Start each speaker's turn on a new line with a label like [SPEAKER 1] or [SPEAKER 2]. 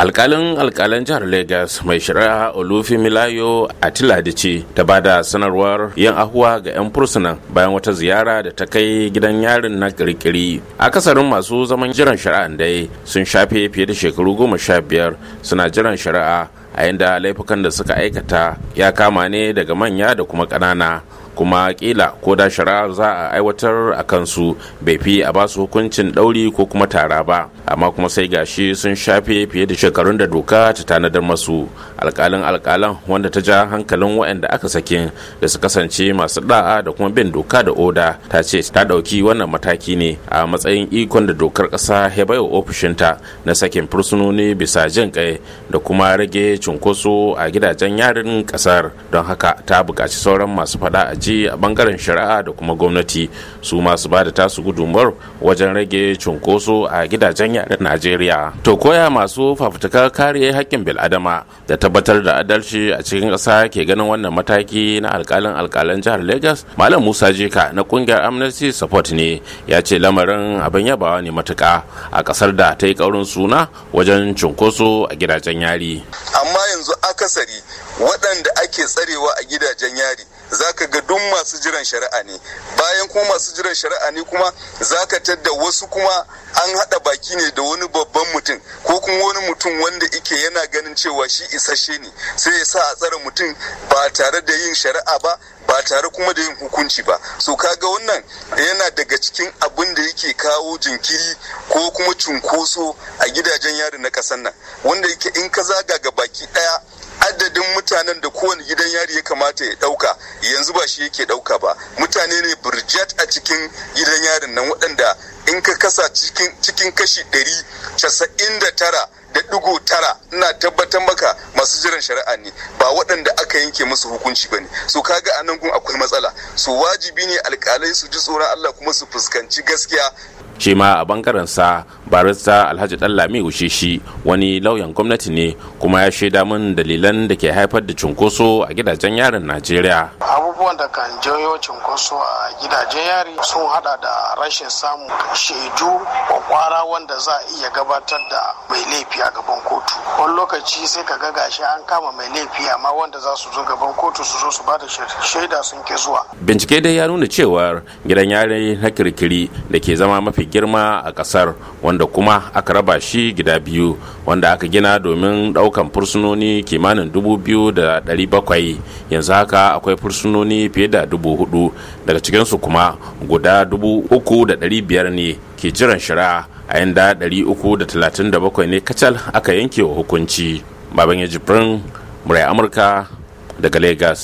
[SPEAKER 1] alkalin alkalin jihar lagos mai shari'a olufimilayo ce ta ba da sanarwar yin ahuwa ga 'yan fursunan bayan wata ziyara da ta kai gidan yarin na kirkiri akasarin masu zaman jiran shari'a dai sun shafe fiye da shekaru goma sha biyar suna jiran shari'a a yadda laifukan da suka aikata ya kama ne daga manya da kuma ƙanana kuma kila ko da shari'a za a aiwatar a kansu bai fi a basu hukuncin ɗauri ko kuma tara ba amma kuma sai gashi sun shafe fiye da shekarun da doka ta tanadar masu alkalin alkalan wanda ta ja hankalin waɗanda aka sake da su kasance masu da'a da kuma bin doka da oda ta ce ta ɗauki wannan mataki ne a matsayin ikon da dokar ƙasa ya bai ofishinta na sakin fursunoni bisa jin kai da kuma rage cunkoso a gidajen yarin ƙasar don haka ta buƙaci sauran masu faɗa a ji buƙaci a bangaren shari'a da kuma gwamnati su masu ba da tasu gudunmuwar wajen rage cunkoso a gidajen yaren najeriya to koya masu fafutukar kare hakkin bil'adama da tabbatar da adalci a cikin ƙasa ke ganin wannan mataki na alkalin alkalin jihar lagos malam musa jeka na kungiyar amnesty support ne ya ce lamarin abin yabawa ne matuka a ƙasar da ta yi ƙaurin suna wajen cunkoso a gidajen yari
[SPEAKER 2] amma yanzu akasari waɗanda ake tsarewa a gidajen yari za ka ga duk masu jiran shari'a ne bayan kuma masu jiran shari'a ne kuma za ka tadda wasu kuma an hada baki ne da wani babban mutum ko kuma wani mutum wanda ike yana ganin cewa shi isasshe ne sai ya sa a tsare mutum ba tare da yin shari'a ba ba tare kuma da yin hukunci ba so kaga wannan yana daga cikin abin da yake kawo jinkiri ko kuma cunkoso a gidajen yari na kasan nan wanda yake in ka zaga ga baki daya adadin mutanen da kowane gidan yari ya kamata ya dauka yanzu ba shi yake dauka ba mutane ne burjet a cikin gidan yarin nan waɗanda in ka kasa cikin kashi ɗari casa'in da tara da ɗigo tara ina tabbatar maka masu jiran shari'a ne ba waɗanda aka yanke musu hukunci ba ne so kaga a nan gun akwai matsala so wajibi ne alƙalai su ji tsoron allah kuma su fuskanci gaskiya
[SPEAKER 1] shi ma a bangaren sa barista alhaji dallami wuce shi wani lauyan gwamnati ne kuma ya shaida min dalilan da ke haifar da cunkoso a gidajen yarin najeriya abubuwan da kan jayo cunkoso a gidajen yari sun hada da rashin samun shaidu kwakwara wanda za a iya gabatar da mai laifi a gaban kotu lokaci sai ka ga gashi an kama mai laifi amma wanda za su zo gaban kotu su zo su ba da shaida sun ke zuwa bincike dai ya nuna cewar gidan yare na kirkiri da ke zama mafi girma a kasar wanda kuma aka raba shi gida biyu wanda aka gina domin daukan fursunoni kimanin dubu biyu da dari bakwai yanzu haka akwai fursunoni fiye da dubu hudu daga cikinsu kuma guda dubu uku da dari biyar ne ke jiran shari'a a yanda 337 ne kacal aka yanke wa hukunci baban ya jibrin murai amurka daga lagos